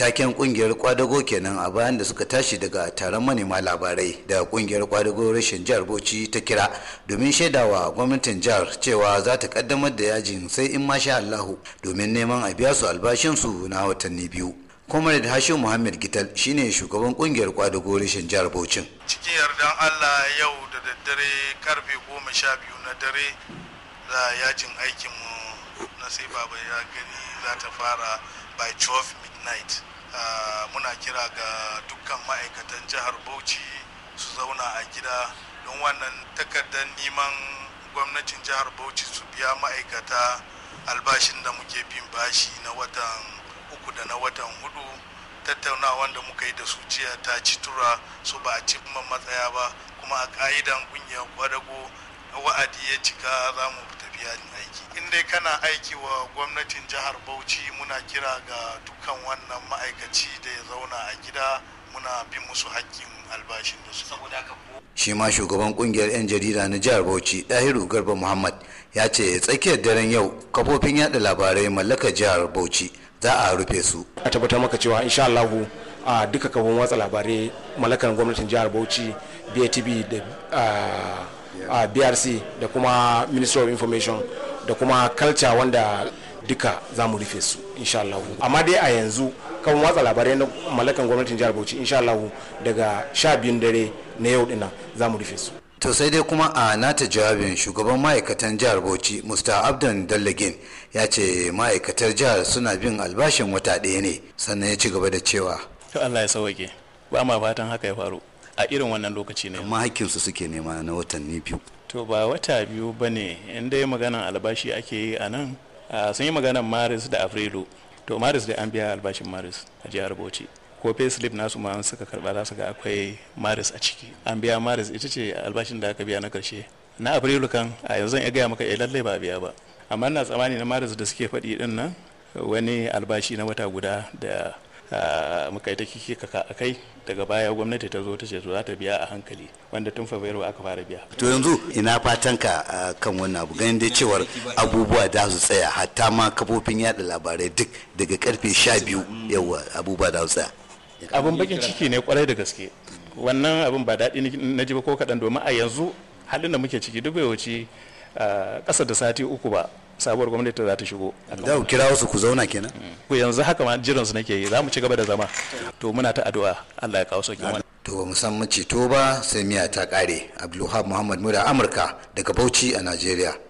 taken kungiyar kwadago kenan a bayan da suka tashi daga taron manema labarai da kungiyar kwadago rashin jihar bauchi ta kira domin shaidawa gwamnatin jihar cewa za ta kaddamar da yajin sai in ma masha allahu domin neman a biya su albashinsu na watanni biyu comrade hashim muhammad gital shine shugaban kungiyar kwadago rashin jihar bauchin cikin yardan allah yau da daddare karfe goma sha biyu na dare za yajin aikinmu na sai baba ya gani za ta fara by 12 night uh, muna kira ga dukkan ma'aikatan jihar bauchi su zauna a gida don wannan takardar neman gwamnatin jihar bauchi su biya ma'aikata albashin da muke bin bashi na watan uku da na watan hudu tattaunawa da muka yi da su jiya ta ci tura su ba a cimma matsaya ba kuma a ka'idan kungiyar kwadago wa'adi ya cika za mu tafi yajin aiki in dai kana aiki wa gwamnatin jihar bauchi muna kira ga dukkan wannan ma'aikaci da ya zauna a gida muna bin musu hakkin albashin da su shi ma shugaban kungiyar 'yan jarida na jihar bauchi dahiru garba muhammad ya ce tsakiyar daren yau kafofin yada labarai mallakar jihar bauchi za a rufe su a tabbatar maka cewa insha allahu a duka kafofin watsa labarai mallakar gwamnatin jihar bauchi batb da a drc da kuma ministry of information da kuma culture wanda duka za mu rufe su inshallah amma dai a yanzu kan watsa labarai na mallakan gwamnatin jihar Bauchi inshallah daga sha biyun dare na yau dinnan za mu rufe su to sai dai kuma a nata jawabin shugaban ma'aikatan jihar Bauchi Mr. Abdan Dallagin ya ce ma'aikatar jihar suna bin albashin wata ɗaya ne sannan ya ci gaba da cewa to Allah ya sauke ba ma fatan haka ya faru a irin wannan lokaci ne amma hakkinsu suke nema na watanni biyu to ba wata biyu ba ne inda dai magana albashi ake yi a nan sun yi maganan maris da afrilu to maris da an biya albashin maris a jihar bauchi ko payslip nasu ma an suka karba za su ga akwai maris a ciki an biya maris ita ce albashin da aka biya na karshe na afrilu kan a yanzu zan iya gaya maka eh, lallai ba biya ba amma ina tsammani na maris da suke faɗi din nan wani albashi na wata guda da Ah, muka yi ta kike ka a kai daga baya gwamnati ta zo ta ce za ta biya a hankali wanda tun fabrairu aka fara biya to yanzu ina fatan ka ah, kan wannan abu ganin dai cewar abubuwa da su tsaya hatta ma kafofin yada labarai duk daga karfe sha biyu yawa abubuwa da su tsaya abin bakin ciki ne kwarai da gaske wannan abin ba daɗi na ji ba ko kaɗan domin a yanzu halin da muke ciki duk bai wuce ah, ƙasa da sati uku ba sabuwar gwamnati za ta shigo. Da ku kira wasu ku zauna kenan. ko yanzu haka ma jiran su nake yi za mu ci gaba da zama to muna ta addu'a Allah ya kawo sauki wannan to ba mu san ce to ba sai miya ta kare Abdulhab Muhammad Mura Amurka daga Bauchi a nigeria.